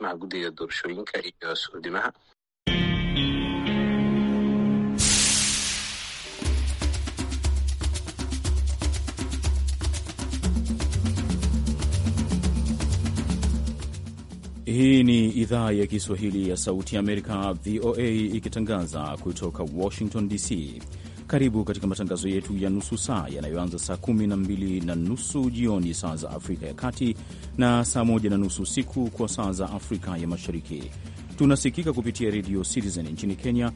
maa guddiga doorashooyinka iyo suxudimaha. Hii ni idhaa ya Kiswahili ya Sauti ya Amerika, VOA, ikitangaza kutoka Washington DC. Karibu katika matangazo yetu ya nusu saa yanayoanza saa kumi na mbili na nusu jioni saa za Afrika ya Kati na saa moja na nusu usiku kwa saa za Afrika ya Mashariki. Tunasikika kupitia redio Citizen nchini Kenya,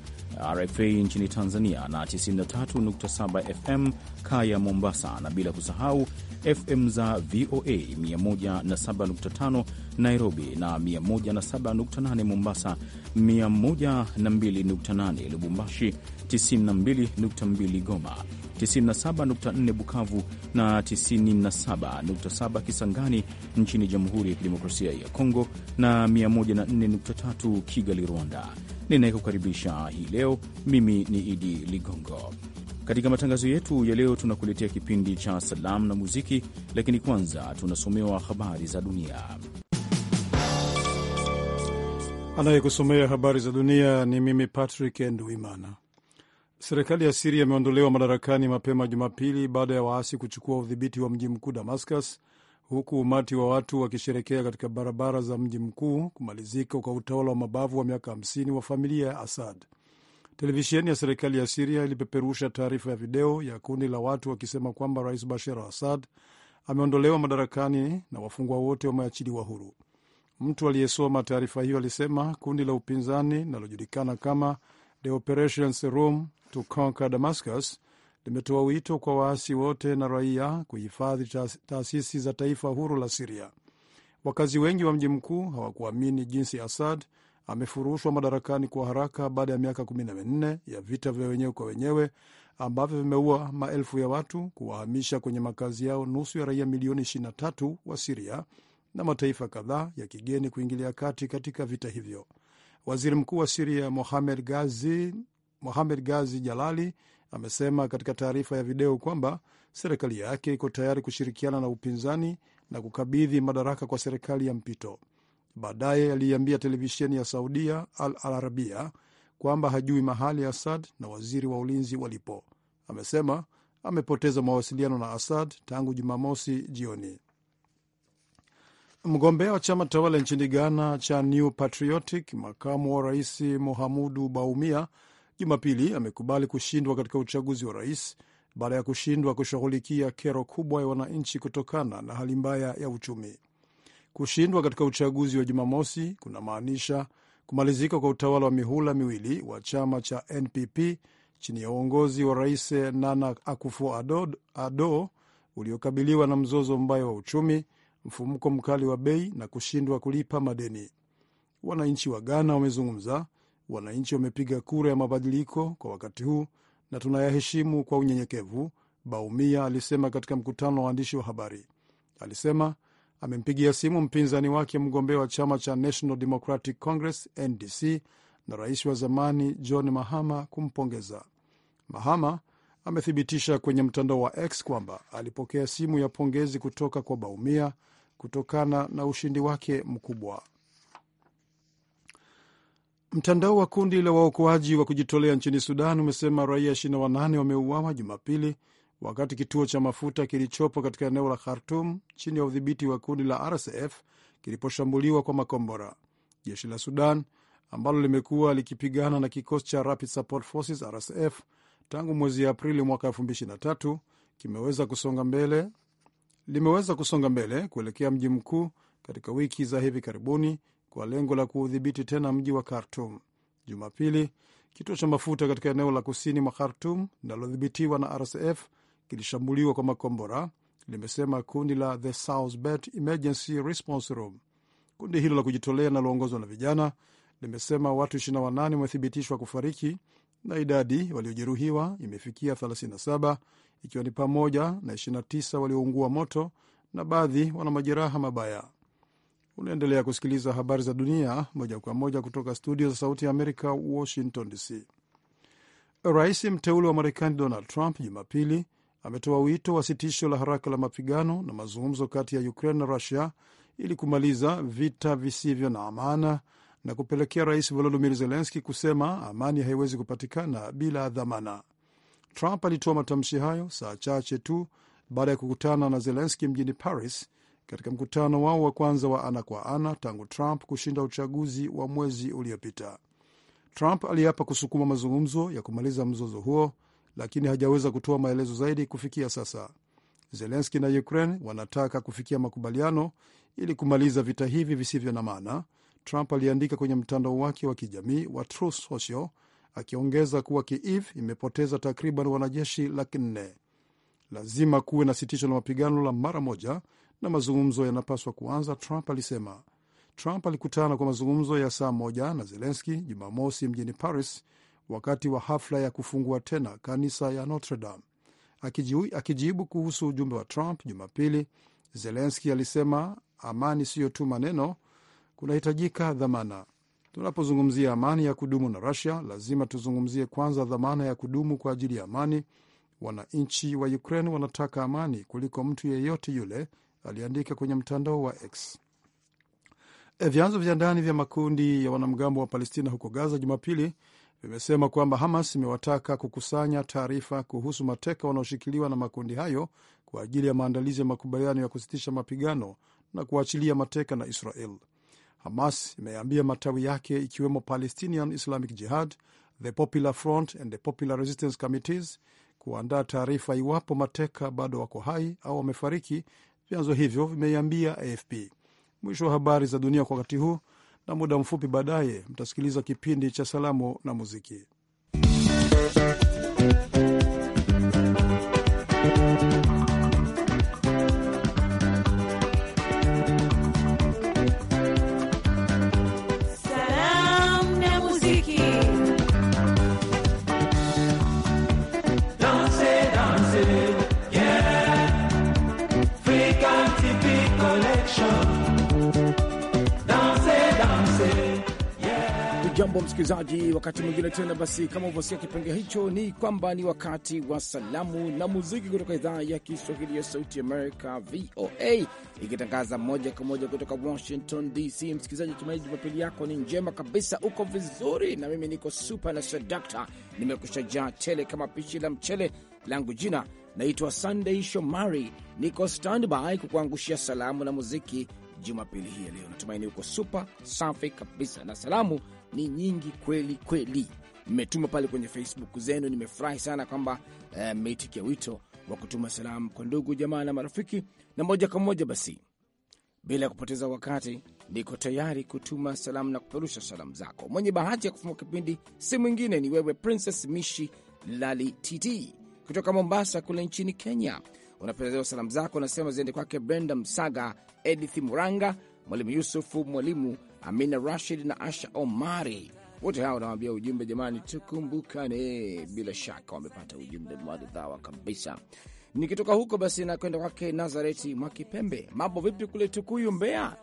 RFA nchini Tanzania na 93.7 FM Kaya Mombasa, na bila kusahau FM za VOA 107.5 Nairobi na 107.8 Mombasa, 102.8 Lubumbashi, 92.2 Goma, 97.4 Bukavu na 97.7 Kisangani nchini Jamhuri ya Kidemokrasia ya Kongo na 104.3 Kigali, Rwanda. Ninayekukaribisha hii leo mimi ni Idi Ligongo. Katika matangazo yetu ya leo, tunakuletea kipindi cha salamu na muziki, lakini kwanza tunasomewa habari za dunia. Anayekusomea habari za dunia ni mimi Patrick Nduimana. Serikali ya Siria imeondolewa madarakani mapema Jumapili baada ya waasi kuchukua udhibiti wa mji mkuu Damascus, huku umati wa watu wakisherekea katika barabara za mji mkuu kumalizika kwa utawala wa mabavu wa miaka 50 wa familia ya Asad. Televisheni ya serikali ya Siria ilipeperusha taarifa ya video ya kundi la watu wakisema kwamba Rais Bashar al Assad ameondolewa madarakani na wafungwa wote wameachiliwa huru. Mtu aliyesoma taarifa hiyo alisema kundi la upinzani linalojulikana kama The Operations Room to Conquer Damascus limetoa wito kwa waasi wote na raia kuhifadhi taasisi za taifa huru la Siria. Wakazi wengi wa mji mkuu hawakuamini jinsi Assad amefurushwa madarakani kwa haraka baada ya miaka kumi na minne ya vita vya wenyewe kwa wenyewe ambavyo vimeua maelfu ya watu, kuwahamisha kwenye makazi yao nusu ya raia milioni 23 wa Siria na mataifa kadhaa ya kigeni kuingilia kati katika vita hivyo. Waziri mkuu wa Siria Mohamed Gazi, Mohamed Gazi Jalali amesema katika taarifa ya video kwamba serikali yake iko tayari kushirikiana na upinzani na kukabidhi madaraka kwa serikali ya mpito. Baadaye aliiambia televisheni ya Saudia Al Arabia kwamba hajui mahali Asad na waziri wa ulinzi walipo. Amesema amepoteza mawasiliano na Asad tangu Jumamosi jioni. Mgombea wa chama tawala nchini Ghana cha New Patriotic, makamu wa rais Mohamudu Baumia Jumapili amekubali kushindwa katika uchaguzi wa rais baada ya kushindwa kushughulikia kero kubwa ya wananchi kutokana na hali mbaya ya uchumi. Kushindwa katika uchaguzi wa Jumamosi kunamaanisha kumalizika kwa utawala wa mihula miwili wa chama cha NPP chini ya uongozi wa Rais Nana Akufo-Addo uliokabiliwa na mzozo mbaya wa uchumi, mfumuko mkali wa bei na kushindwa kulipa madeni. Wananchi wa Ghana wamezungumza. Wananchi wamepiga kura ya mabadiliko kwa wakati huu na tunayaheshimu kwa unyenyekevu, Baumia alisema katika mkutano wa waandishi wa habari. Alisema amempigia simu mpinzani wake mgombea wa chama cha National Democratic Congress NDC na rais wa zamani John Mahama kumpongeza. Mahama amethibitisha kwenye mtandao wa X kwamba alipokea simu ya pongezi kutoka kwa Baumia kutokana na ushindi wake mkubwa. Mtandao wa kundi la waokoaji wa kujitolea nchini Sudan umesema raia 28 wameuawa Jumapili wakati kituo cha mafuta kilichopo katika eneo la Khartum chini ya udhibiti wa kundi la RSF kiliposhambuliwa kwa makombora. Jeshi la Sudan ambalo limekuwa likipigana na kikosi cha Rapid Support Forces RSF tangu mwezi Aprili mwaka 2023 kimeweza kusonga mbele, limeweza kusonga mbele kuelekea mji mkuu katika wiki za hivi karibuni kwa lengo la kuudhibiti tena mji wa Khartum. Jumapili, kituo cha mafuta katika eneo la kusini mwa Khartum linalodhibitiwa na RSF kilishambuliwa kwa makombora, limesema kundi la The Southbet Emergency Response Room. Kundi hilo la kujitolea linaloongozwa na vijana limesema watu 28 wamethibitishwa kufariki na idadi waliojeruhiwa imefikia 37 ikiwa ni pamoja na 29 walioungua moto na baadhi wana majeraha mabaya. Unaendelea kusikiliza habari za dunia moja kwa moja kutoka studio za Sauti ya Amerika, Washington DC. Rais mteule wa Marekani Donald Trump Jumapili ametoa wito wa sitisho la haraka la mapigano na mazungumzo kati ya Ukraine na Rusia ili kumaliza vita visivyo na amana na kupelekea rais Volodimir Zelenski kusema amani haiwezi kupatikana bila dhamana. Trump alitoa matamshi hayo saa chache tu baada ya kukutana na Zelenski mjini Paris, katika mkutano wao wa kwanza wa ana kwa ana tangu Trump kushinda uchaguzi wa mwezi uliopita. Trump aliapa kusukuma mazungumzo ya kumaliza mzozo huo lakini hajaweza kutoa maelezo zaidi kufikia sasa. Zelenski na Ukraine wanataka kufikia makubaliano ili kumaliza vita hivi visivyo na maana, Trump aliandika kwenye mtandao wake wa kijamii wa Truth Social, akiongeza kuwa Kiev imepoteza takriban wanajeshi laki nne. Lazima kuwe na sitisho la mapigano la mara moja na mazungumzo yanapaswa kuanza, Trump alisema. Trump alikutana kwa mazungumzo ya saa moja na Zelenski Jumamosi mjini Paris wakati wa hafla ya kufungua tena kanisa ya Notre Dame. Akijibu kuhusu ujumbe wa Trump Jumapili, Zelenski alisema amani siyo tu maneno, kunahitajika dhamana. Tunapozungumzia amani ya kudumu na Rusia, lazima tuzungumzie kwanza dhamana ya kudumu kwa ajili ya amani. Wananchi wa Ukraine wanataka amani kuliko mtu yeyote yule, aliandika kwenye mtandao wa X. Eh, vyanzo vya ndani vya makundi ya wanamgambo wa Palestina huko Gaza Jumapili vimesema kwamba Hamas imewataka kukusanya taarifa kuhusu mateka wanaoshikiliwa na makundi hayo kwa ajili ya maandalizi ya makubaliano ya kusitisha mapigano na kuachilia mateka na Israel. Hamas imeambia matawi yake ikiwemo Palestinian Islamic Jihad, the Popular Front and the Popular Resistance Committees kuandaa taarifa iwapo mateka bado wako hai au wamefariki. Vyanzo hivyo vimeiambia AFP. Mwisho wa habari za dunia kwa wakati huu na muda mfupi baadaye mtasikiliza kipindi cha salamu na muziki Hujambo msikilizaji, wakati mwingine tena. Basi kama ulivyosikia kipenge hicho, ni kwamba ni wakati wa salamu na muziki kutoka idhaa ya Kiswahili ya Sauti Amerika, VOA, ikitangaza moja kwa moja kutoka Washington DC. Msikilizaji, tumaini Jumapili yako ni njema kabisa, uko vizuri, na mimi niko supa na sedakta, nimekushajaa tele kama pishi la mchele langu. Jina naitwa Sunday Shomari, niko standby kukuangushia salamu na muziki Jumapili hii ya leo. Natumaini uko supa safi kabisa na salamu ni nyingi kweli kweli. Mmetuma pale kwenye Facebook zenu, nimefurahi sana kwamba mmeitikia eh, wito wa kutuma salamu kwa ndugu jamaa na marafiki. Na moja kwa moja basi, bila kupoteza wakati, niko tayari kutuma salamu na kupeperusha salamu zako. Mwenye bahati ya kufungua kipindi si mwingine, ni wewe Princess Mishi Lali TT kutoka Mombasa kule nchini Kenya. Unapendezewa salamu zako, unasema ziende kwake Brenda Msaga, Edith Muranga, Mwalimu Yusufu, Mwalimu Amina Rashid na Asha Omari. Wote hao wanawambia ujumbe, jamani, tukumbukane. Bila shaka wamepata ujumbe mwadhawa kabisa. Nikitoka huko basi nakwenda kwake Nazareti Mwakipembe. Mambo vipi kule Tukuyu, Mbeya?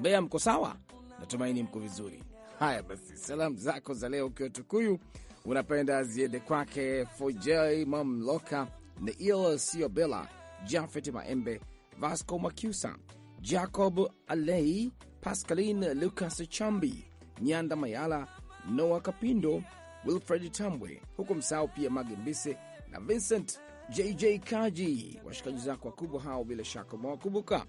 Mbeya mko sawa? Natumaini mko vizuri. Haya basi, salamu zako za leo ukiwa Tukuyu unapenda ziende kwake Fojei Mamloka, Neil Siobela, Jafet Maembe, Vasco Makusa, Jacob Alei Pascaline Lucas Chambi, Nyanda Mayala, Noah Kapindo, Wilfred Tambwe, huku msahau pia Magembise na Vincent JJ Kaji, washikaji zako wakubwa hao, bila shaka umewakumbuka.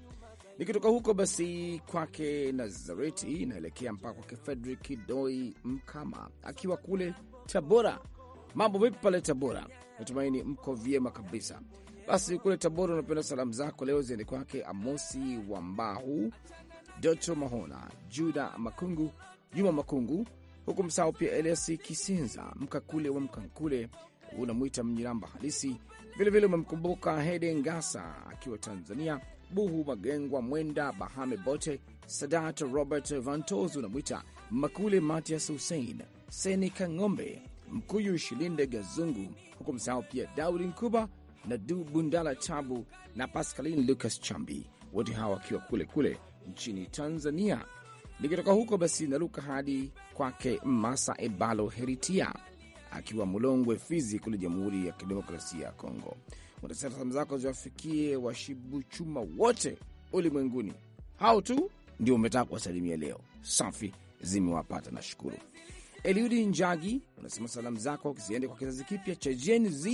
Nikitoka huko basi kwake Nazareti inaelekea mpaka kwake Fredrik Doi Mkama akiwa kule Tabora. Mambo vipi pale Tabora? Natumaini mko vyema kabisa. Basi kule Tabora unapenda salamu zako leo ziende kwake Amosi wa Mbahu, Doto Mahona, Juda Makungu, Juma Makungu, huku msao pia Elesi kisinza Mkakule wa Mkankule unamwita Mnyiramba halisi. Vilevile umemkumbuka Hede Ngasa akiwa Tanzania, Buhu Magengwa, Mwenda Bahame, Bote Sadat, Robert Vantos unamwita Makule, Matias Hussein Seni Kang'ombe, Mkuyu Shilinde Gazungu, huku msao pia Daudi Nkuba na Du Bundala Tabu na Pascaline Lucas Chambi, wote hawa wakiwa kule kule nchini Tanzania. Nikitoka huko basi naruka hadi kwake Masa Ebalo Heritia akiwa Mulongwe, Fizi kule Jamhuri ya Kidemokrasia ya Kongo. unasema salamu zako ziwafikie washibuchuma wote ulimwenguni. Hao tu ndio umetaka kuwasalimia leo. Safi, zimewapata na shukuru Eliudi Njagi unasema salamu zako ziende kwa kizazi kipya cha Gen Z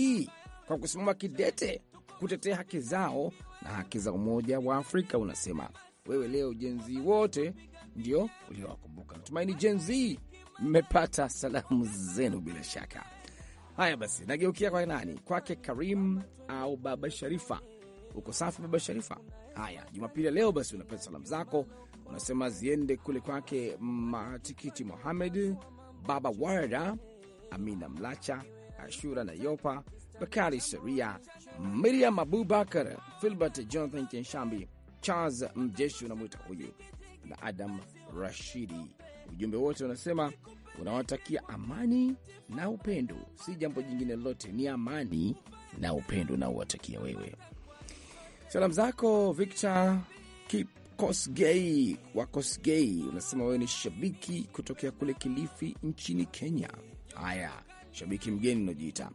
kwa kusimama kidete kutetea haki zao na haki za Umoja wa Afrika. Unasema wewe leo jenzi wote ndio uliowakumbuka. Natumaini jenzi mmepata salamu zenu bila shaka. Haya basi, nageukia kwa nani? Kwake Karim au Baba Sharifa. Uko safi Baba Sharifa? Haya, Jumapili leo basi unapata salamu zako, unasema ziende kule kwake Matikiti Mohamed, Baba Warda, Amina Mlacha, Ashura na Yopa, Bakari Seria, Miriam Abubakar, Filbert Jonathan Kenshambi Charles Mjeshi unamwita huyu na Adam Rashidi. Ujumbe wote unasema unawatakia amani na upendo, si jambo jingine lolote, ni amani na upendo unaowatakia wewe. Salamu zako Victor Kosgei wa Kosgei unasema wewe ni shabiki kutokea kule Kilifi nchini Kenya. Haya, shabiki mgeni unajiita.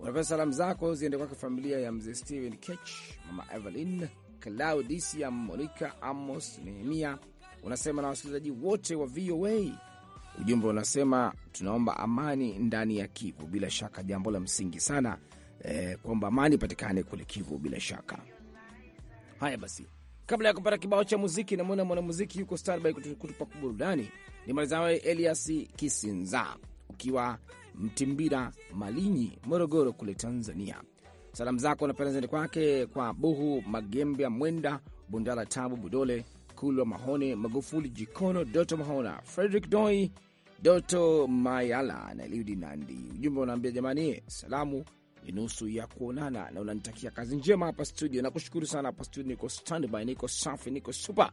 unapea salamu zako ziende kwake familia ya mzee Stephen Kech, mama Evelyn Claudisia Monica Amos Nehemia, unasema na wasikilizaji wote wa VOA. Ujumbe unasema tunaomba amani ndani ya Kivu, bila shaka jambo la msingi sana eh, kwamba amani ipatikane kule Kivu bila shaka. Haya basi, kabla ya kupata kibao cha muziki, namwona mwanamuziki yuko standby kutupa burudani. Ni malizawe Elias Kisinza ukiwa Mtimbira, Malinyi, Morogoro kule Tanzania Salamu zako napendezani kwake kwa Buhu Magembya, Mwenda Bundala, Tabu Budole, Kulwa Mahone, Magufuli Jikono, Doto Mahona, Frederick Doi, Doto Mayala na Eliudi Nandi. Ujumbe unaambia jamani, salamu ni nusu ya kuonana, na unanitakia kazi njema hapa studio. Nakushukuru sana, hapa studio niko standby, niko safi, niko super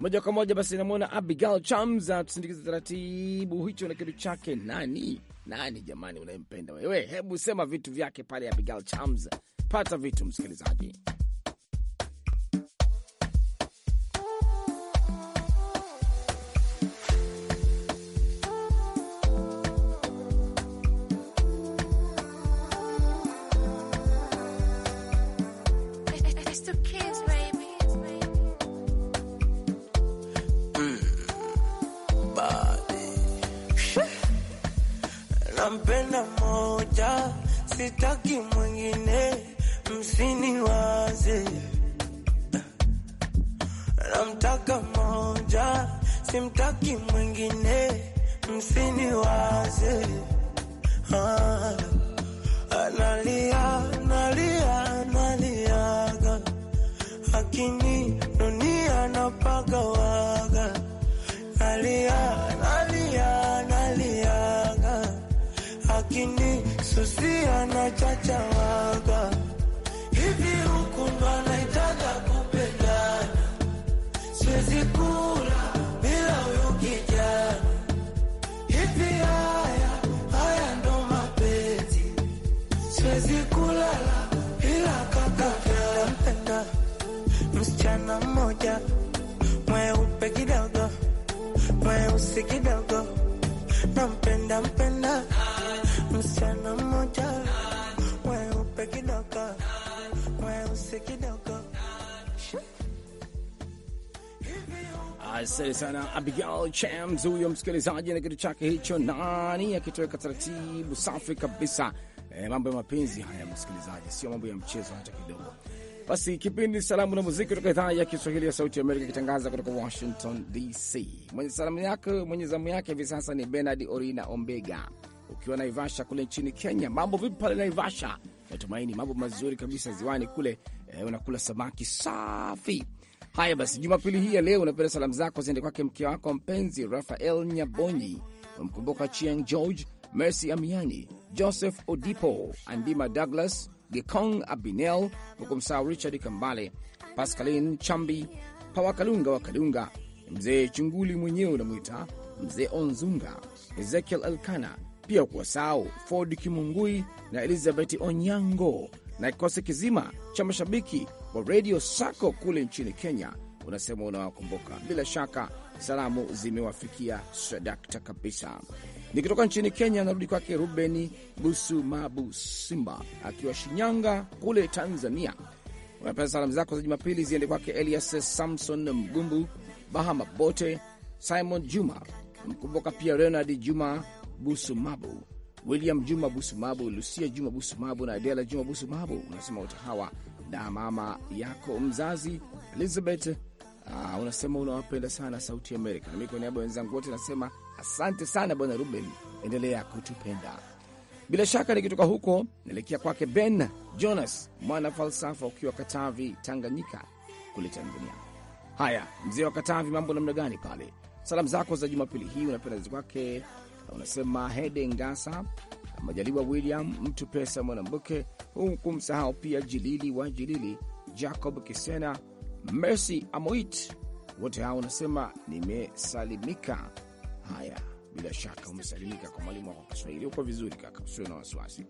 moja kwa moja. Basi namwona Abigail Chams atusindikiza taratibu hicho na kitu chake. Nani nani jamani, unayempenda wewe? Hebu sema vitu vyake pale Abigail Chams, pata vitu msikilizaji. nampenda moja, sitaki mwingine, waze. Namtaka moja, simtaki mwingine, waze. Ah, analia sana Abigail Chams, huyo msikilizaji na kitu chake hicho, nani akitoweka taratibu safi kabisa. E, mambo ya mapenzi haya msikilizaji, sio mambo ya mchezo hata kidogo. Basi kipindi salamu na muziki kutoka idhaa ya Kiswahili ya Sauti ya Amerika ikitangaza kutoka Washington DC. Mwenye salamu yake mwenye zamu yake hivi sasa ni Bernard Orina Ombega, ukiwa Naivasha kule nchini Kenya. Mambo vipi pale Naivasha? Natumaini mambo mazuri kabisa ziwani kule. E, unakula samaki safi Haya basi, jumapili hii ya leo unapenda salamu zako ziende kwake mke wako mpenzi Rafael Nyabonyi, umkumbuka Chieng George, Mercy Amiani, Joseph Odipo, Andima Douglas, Gekong Abinel, huku msaa Richard Kambale, Pascalin Chambi, Pawakalunga wa Kalunga, mzee Chunguli mwenyewe unamwita mzee Onzunga, Ezekiel Elkana, pia kuwa sau Ford Kimungui na Elizabeth Onyango na kikosi kizima cha mashabiki wa Radio Sako kule nchini Kenya, unasema unawakumbuka. Bila shaka salamu zimewafikia sadakta kabisa. Nikitoka nchini Kenya narudi kwake Rubeni Busumabu Simba akiwa Shinyanga kule Tanzania. Unapea salamu zako za Jumapili ziende kwake Elias Samson Mgumbu Bahama Bote, Simon Juma mkumbuka pia Leonard Juma Busumabu, William Juma Busumabu, Lucia Juma Busumabu na Adela Juma Busumabu. Unasema wote hawa na mama yako mzazi Elizabeth. Aa, ah, unasema unawapenda sana Sauti Amerika, nami kwa niaba ya wenzangu wote nasema asante sana bwana Ruben, endelea kutupenda. Bila shaka nikitoka huko naelekea kwake Ben Jonas, mwana falsafa, ukiwa Katavi, Tanganyika kule Tanzania. Haya, mzee wa Katavi, mambo namna gani pale? Salamu zako za jumapili hii unapenda kwake, unasema Hede Ngasa Majaliwa William mtu pesa Mwanambuke, huku msahau pia Jilili wa Jilili, Jacob Kisena, Mercy Amoit, wote hao unasema nimesalimika. Haya, bila shaka umesalimika kwa mwalimu wako Kiswahili, uko vizuri kaka, usio na wasiwasi.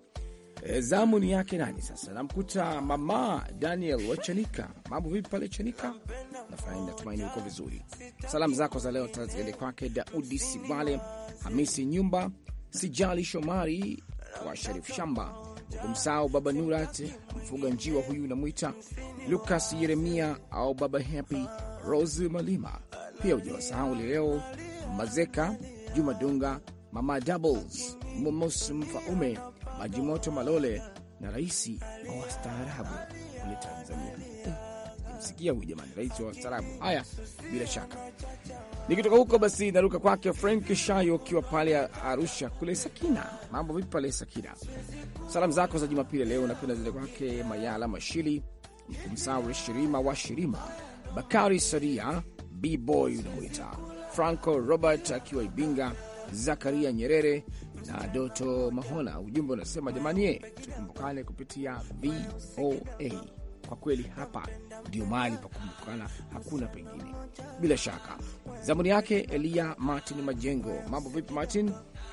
E, zamu ni yake nani sasa? Namkuta mama Daniel Wachanika. Mambo vipi pale Chanika? Nafurahi, natumaini uko vizuri. Salamu zako za leo taziende kwake Daudi Sibale, Hamisi Nyumba, Sijali Shomari wa Sharif Shamba, hukumsahau Baba Nurat mfuga njiwa huyu unamwita Lukas Yeremia au Baba Happy Rose Malima, pia ujawasahau Lileo Mazeka, Juma Dunga, Mama Doubles, Mumos Mfaume, Majimoto Malole na raisi wa wastaarabu kule Tanzania. Mnamsikia huyu jamani, rais wa wastaarabu. Haya, bila shaka nikitoka huko basi naruka kwake Frank Shayo akiwa pale Arusha kule Sakina. Mambo vipi pale Sakina? Salamu zako za Jumapili leo napenda zile kwake Mayala Mashili, Msawe Shirima wa Shirima, Bakari Saria, Bboy unamwita Franco Robert akiwa Ibinga, Zakaria Nyerere na Doto Mahona. Ujumbe unasema jamani, ye tukumbukane kupitia VOA kwa kweli hapa ndio mahali pa kumbukana, hakuna pengine. Bila shaka zamuni yake Elia Martin Majengo. Mambo vipi Martin,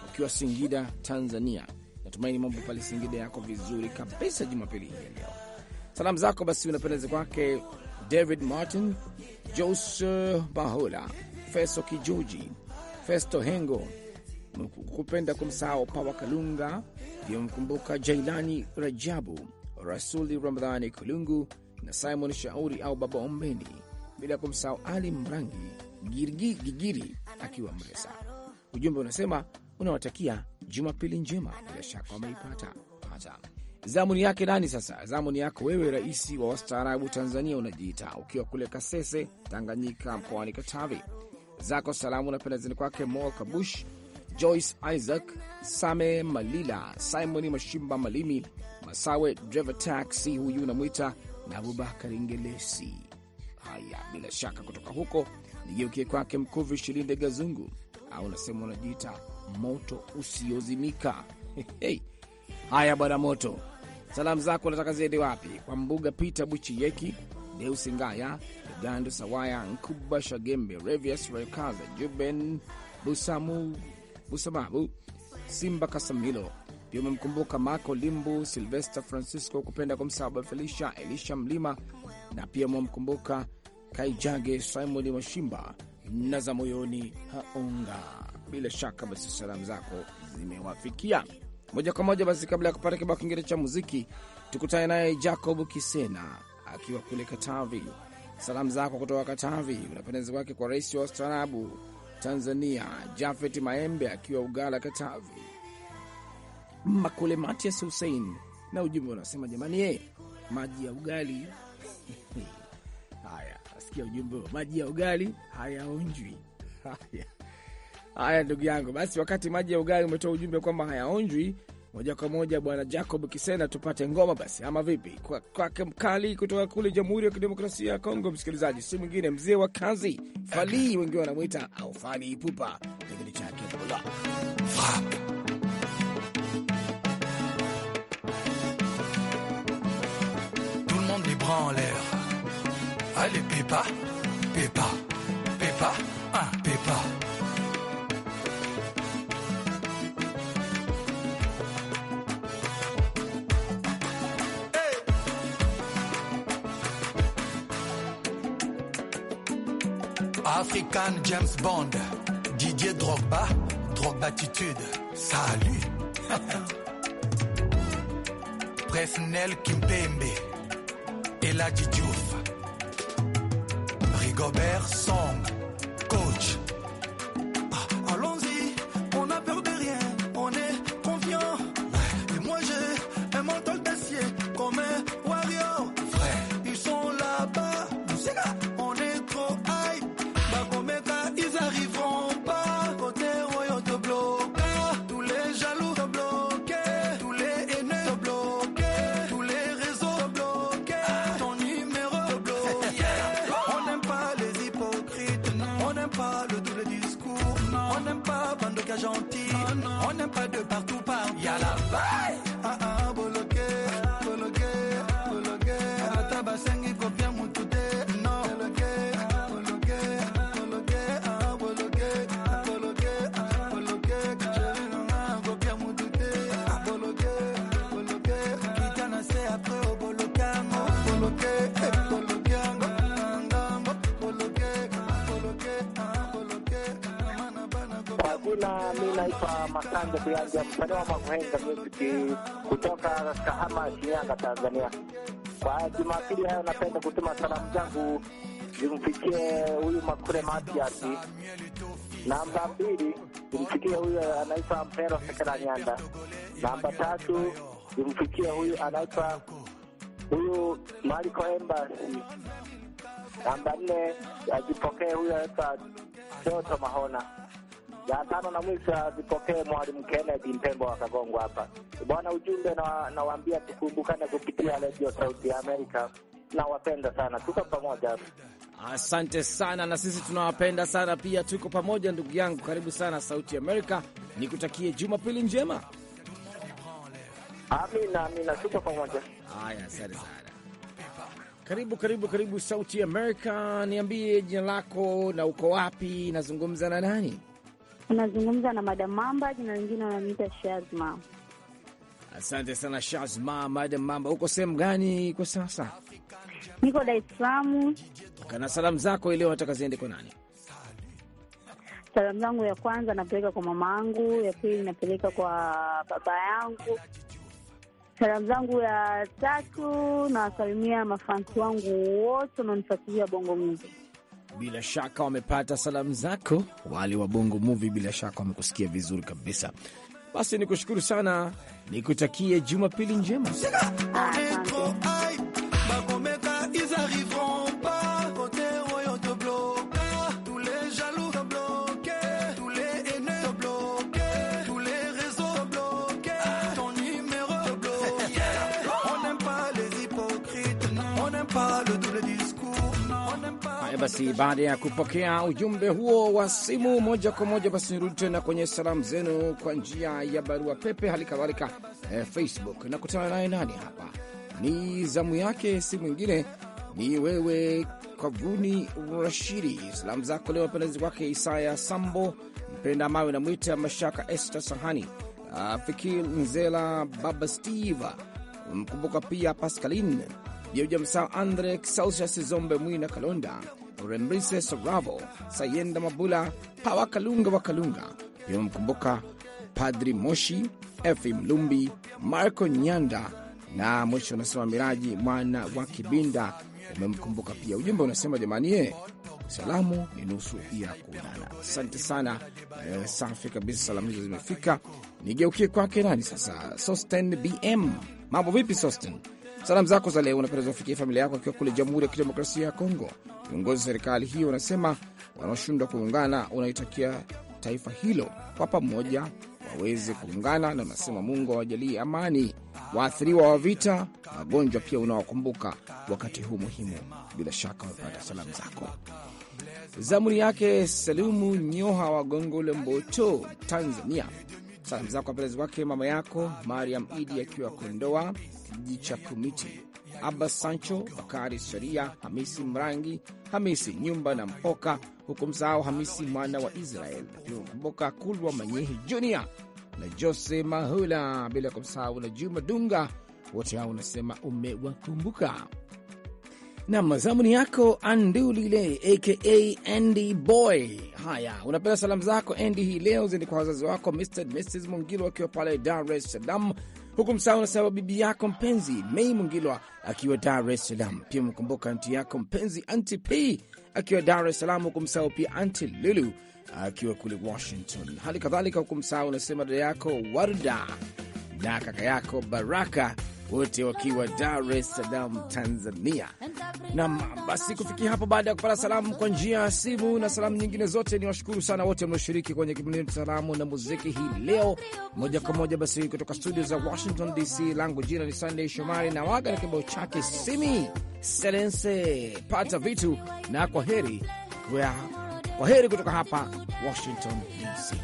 ukiwa Singida Tanzania? Natumaini mambo pale Singida yako vizuri kabisa jumapili hii ya leo. Salamu zako basi unapendeza kwake David Martin, Jos Bahola, Feso Kijuji, Festo Hengo, kupenda kumsahau Pawa Kalunga, vyomkumbuka Jailani Rajabu Rasuli Ramadhani Kulungu na Simon Shauri au Baba Ombeni, bila kumsahau Ali Mrangi Gigiri, Gigiri akiwa Mresa. Ujumbe unasema unawatakia Jumapili njema, bila shaka wameipata hata zamuni yake nani. Sasa zamuni yako wewe, rais wa wastaarabu Tanzania unajiita, ukiwa kule Kasese, Tanganyika, mkoani Katavi. Zako salamu napenda zini kwake Mo Kabush, Joyce Isaac, Same Malila, Simoni Mashimba Malimi, Masawe Driver Taxi, huyu unamwita na Abubakar Ingelesi. Haya, bila shaka kutoka huko nigeukie kwake Mkuvi Shilinde Gazungu, au unasema unajiita moto usiozimika. Hey, hey. Haya bwana moto, salamu zako nataka ziende wapi? Kwa Mbuga pita Buchiyeki, Deusi Ngaya, Ugando Sawaya, Nkuba Shagembe, Revius Rekaza, Juben Busamabu, Simba Kasamilo pia umemkumbuka Marco Limbu, Silvester Francisco kupenda kumsaba Felisha Elisha Mlima, na pia umemkumbuka Kaijage Simoni Mashimba na za moyoni Haonga. Bila shaka basi salamu zako zimewafikia moja kwa moja. Basi kabla ya kupata kibao kingine cha muziki, tukutane naye Jacob Kisena akiwa kule Katavi. Salamu zako kutoka Katavi unapendezi wake kwa rais wa ustaarabu Tanzania Jafet Maembe akiwa Ugala Katavi Makule Matias Hussein na ujumbe unasema jamani, ye eh, maji ya ugali haya, asikia ujumbe maji ya ugali hayaonjwi. Haya, haya ndugu yangu, basi wakati maji ya ugali umetoa ujumbe kwamba hayaonjwi moja kwa moja bwana Jacob Kisena, tupate ngoma basi, ama vipi? Kwake kwa mkali kutoka kule Jamhuri ya Kidemokrasia ya Kongo, msikilizaji, si mwingine mzee wa kazi Falii, wengi wanamwita au Fali Ipupa, kipindi chake en l'air. Allez, Pépa, Pépa, Pépa, un hein, Pépa. African James Bond, Didier Drogba, Drogbatitude, salut. Presnel Kimpembe dit Diouf, Rigobert Song, coach. mi naitwa Masanja Kuyanja Mpalewa Makuhenga Muziki kutoka Kahama, Shinyanga, Tanzania. Kwa Jumapili hayo napenda kutuma salamu zangu zimfikie huyu Makure Matiasi. Namba mbili zimfikie huyu anaitwa Mpero Sekela Nyanda. Namba tatu zimfikie huyu anaitwa huyu Mariko embasi Namba nne azipokee huyu anaitwa Doto Mahona ya tano na mwisho azipokee Mwalimu Kennedy Mpembo wa Kagongwa hapa bwana. Ujumbe nawaambia na tukumbukane kupitia redio Sauti ya Amerika. Nawapenda sana, tuko pamoja. Asante sana, na sisi tunawapenda sana pia, tuko pamoja ndugu yangu. Karibu sana Sauti ya Amerika, nikutakie jumapili njema. Amina, amina, tuko pamoja. Haya, asante sana. Karibu, karibu, karibu Sauti ya Amerika. Niambie jina lako na uko wapi, nazungumza na nani? Unazungumza na Madam Mamba, jina lingine wananiita Shazma. Asante sana Shazma. Madam Mamba, uko sehemu gani kwa sasa? Niko Dar es Salaam. Kana salamu zako ileo nataka ziende kwa nani? Salamu zangu ya kwanza napeleka kwa mama yangu, ya pili napeleka kwa baba yangu, salamu zangu ya tatu nawasalimia mafansi wangu wote wanaonifuatilia Bongo Muzi. Bila shaka wamepata salamu zako wale wa Bongo Movie, bila shaka wamekusikia vizuri kabisa. Basi nikushukuru sana, nikutakie Jumapili njema. Eh, basi baada ya kupokea ujumbe huo wa simu moja kwa moja, basi nirudi tena kwenye salamu zenu kwa njia ya barua pepe, hali kadhalika eh, Facebook. Nakutana naye nani hapa? Ni zamu yake, si mwingine ni wewe Kavuni Rashidi. Salamu zako leo wapendezi kwake Isaya Sambo, Mpenda Mawe na Mwita Mashaka, este Sahani, Fikir Nzela, Baba Steve mkumbuka pia Pascaline Jeuja Msaa, Andre Sausias Zombe Mwina Kalonda Rembrise Soravo, Sayenda Mabula, Pawakalunga Wakalunga. Pia mkumbuka Padri Moshi, Efi Mlumbi, Marco Nyanda na mwisho unasema Miraji mwana wa Kibinda umemkumbuka pia. Ujumbe unasema jamani, ye eh, salamu ni nusu ya kuonana. Asante sana. E, safi kabisa, salamu hizo zimefika. Nigeukie kwake nani sasa? Sosten BM, mambo vipi Sosten? Salamu zako za leo unapendeza kufikia familia yako akiwa kule Jamhuri ya Kidemokrasia ya Kongo. Viongozi wa serikali hiyo wanasema wanaoshindwa kuungana, unaitakia taifa hilo kwa pamoja waweze kuungana, na unasema Mungu awajalie amani waathiriwa wa vita, magonjwa pia unawakumbuka wakati huu muhimu. Bila shaka wamepata salamu zako. zamuri yake Salumu Nyoha wa Gongole, Mboto, Tanzania. Salamu zako apelezi wake mama yako Mariam Idi akiwa Kondoa, kijiji cha Kumiti. Abbas Sancho, Bakari Sharia, Hamisi Mrangi, Hamisi Nyumba na Mpoka, huku msahau Hamisi mwana wa Israel akiwa Kulwa Manyehi Junior na Jose Mahula, bila kumsahau na Juma Dunga. Wote hao unasema umewakumbuka. Nam, zamuni yako Andulile aka Andy Boy. Haya, unapenda salamu zako Andy hii leo zini kwa wazazi wako Mr. Mrs. Mungilo wakiwa pale Dar es Salaam, huku msahau unasema bibi yako mpenzi Mei Mungilwa akiwa Dar es Salaam. Pia mkumbuka anti yako mpenzi anti P akiwa Dar es Salaam, huku msahau pia anti Lulu akiwa kule Washington. Hali kadhalika huku msahau unasema dada yako Warda na kaka yako Baraka wote wakiwa Dar es Salaam, Tanzania. Nam basi, kufikia hapo, baada ya kupata salamu kwa njia ya simu na salamu nyingine zote, ni washukuru sana wote mlioshiriki kwenye kipindi cha salamu na muziki hii leo moja kwa moja. Basi kutoka studio za Washington DC, langu jina ni sandey Shomari na waga na kibao chake simi selense pata vitu na kwa heri, kwa, kwa heri kutoka hapa Washington DC.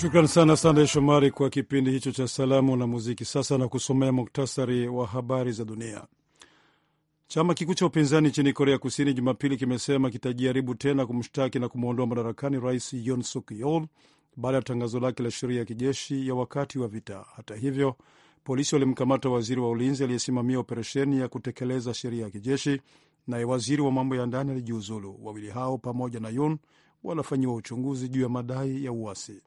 Shukran sana Sandey Shomari kwa kipindi hicho cha salamu na muziki. Sasa na kusomea muktasari wa habari za dunia. Chama kikuu cha upinzani nchini Korea Kusini Jumapili kimesema kitajaribu tena kumshtaki na kumwondoa madarakani Rais Yoon Suk Yeol baada ya tangazo lake la sheria ya kijeshi ya wakati wa vita. Hata hivyo, polisi walimkamata waziri wa ulinzi aliyesimamia operesheni ya kutekeleza sheria ya kijeshi, naye waziri wa mambo ya ndani alijiuzulu. Wawili hao pamoja na Yoon wanafanyiwa uchunguzi juu ya madai ya uasi.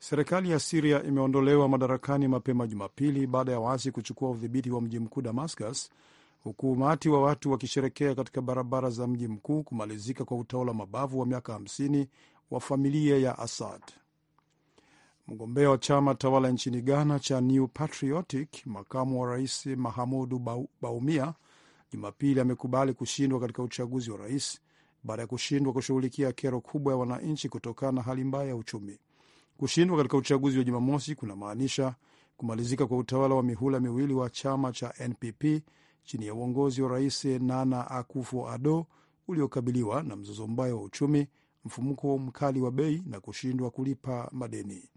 Serikali ya Siria imeondolewa madarakani mapema Jumapili baada ya waasi kuchukua udhibiti wa mji mkuu Damascus, huku umati wa watu wakisherekea katika barabara za mji mkuu kumalizika kwa utawala mabavu wa miaka 50 wa familia ya Assad. Mgombea wa chama tawala nchini Ghana cha New Patriotic, makamu wa rais Mahamudu Baumia Jumapili amekubali kushindwa katika uchaguzi wa rais baada ya kushindwa kushughulikia kero kubwa ya wananchi kutokana na hali mbaya ya uchumi. Kushindwa katika uchaguzi wa Jumamosi kunamaanisha kumalizika kwa utawala wa mihula miwili wa chama cha NPP chini ya uongozi wa Rais Nana akufo ado uliokabiliwa na mzozo mbaya wa uchumi, mfumuko mkali wa bei na kushindwa kulipa madeni.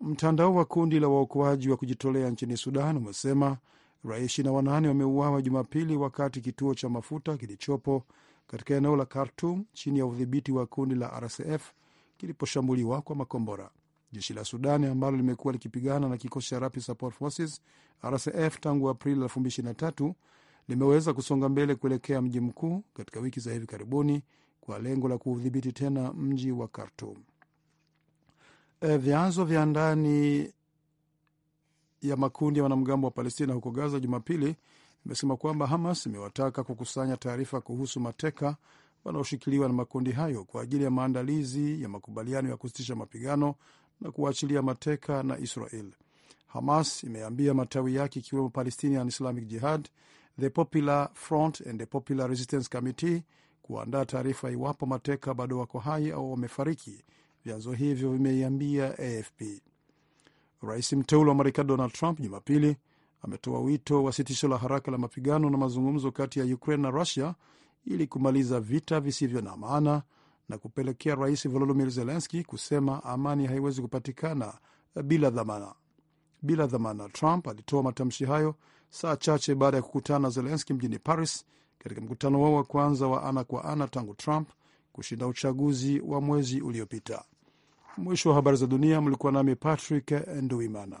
Mtandao wa kundi la waokoaji wa kujitolea nchini Sudan umesema raia wanane wameuawa Jumapili wakati kituo cha mafuta kilichopo katika eneo la Khartum chini ya udhibiti wa kundi la RSF kiliposhambuliwa kwa makombora. Jeshi la Sudani ambalo limekuwa likipigana na kikosi cha Rapid Support Forces RSF tangu Aprili 2023 limeweza kusonga mbele kuelekea mji mkuu katika wiki za hivi karibuni kwa lengo la kuudhibiti tena mji wa Khartum. E, vyanzo vya ndani ya makundi ya wanamgambo wa Palestina huko Gaza Jumapili imesema kwamba Hamas imewataka kukusanya taarifa kuhusu mateka wanaoshikiliwa na makundi hayo kwa ajili ya maandalizi ya makubaliano ya kusitisha mapigano na kuwaachilia mateka na Israel. Hamas imeambia matawi yake ikiwemo Palestinian Islamic Jihad, the Popular Front and the Popular Resistance Committee kuandaa taarifa iwapo mateka bado wako hai au wamefariki. Vyanzo hivyo vimeiambia AFP. Rais mteule wa Marekani Donald Trump Jumapili ametoa wito wa sitisho la haraka la mapigano na mazungumzo kati ya Ukraine na Russia ili kumaliza vita visivyo na maana na kupelekea rais volodimir zelenski kusema amani haiwezi kupatikana bila dhamana bila dhamana. Trump alitoa matamshi hayo saa chache baada ya kukutana na Zelenski mjini Paris, katika mkutano wao wa kwanza wa ana kwa ana tangu Trump kushinda uchaguzi wa mwezi uliopita. Mwisho wa habari za dunia. Mlikuwa nami Patrick Nduimana.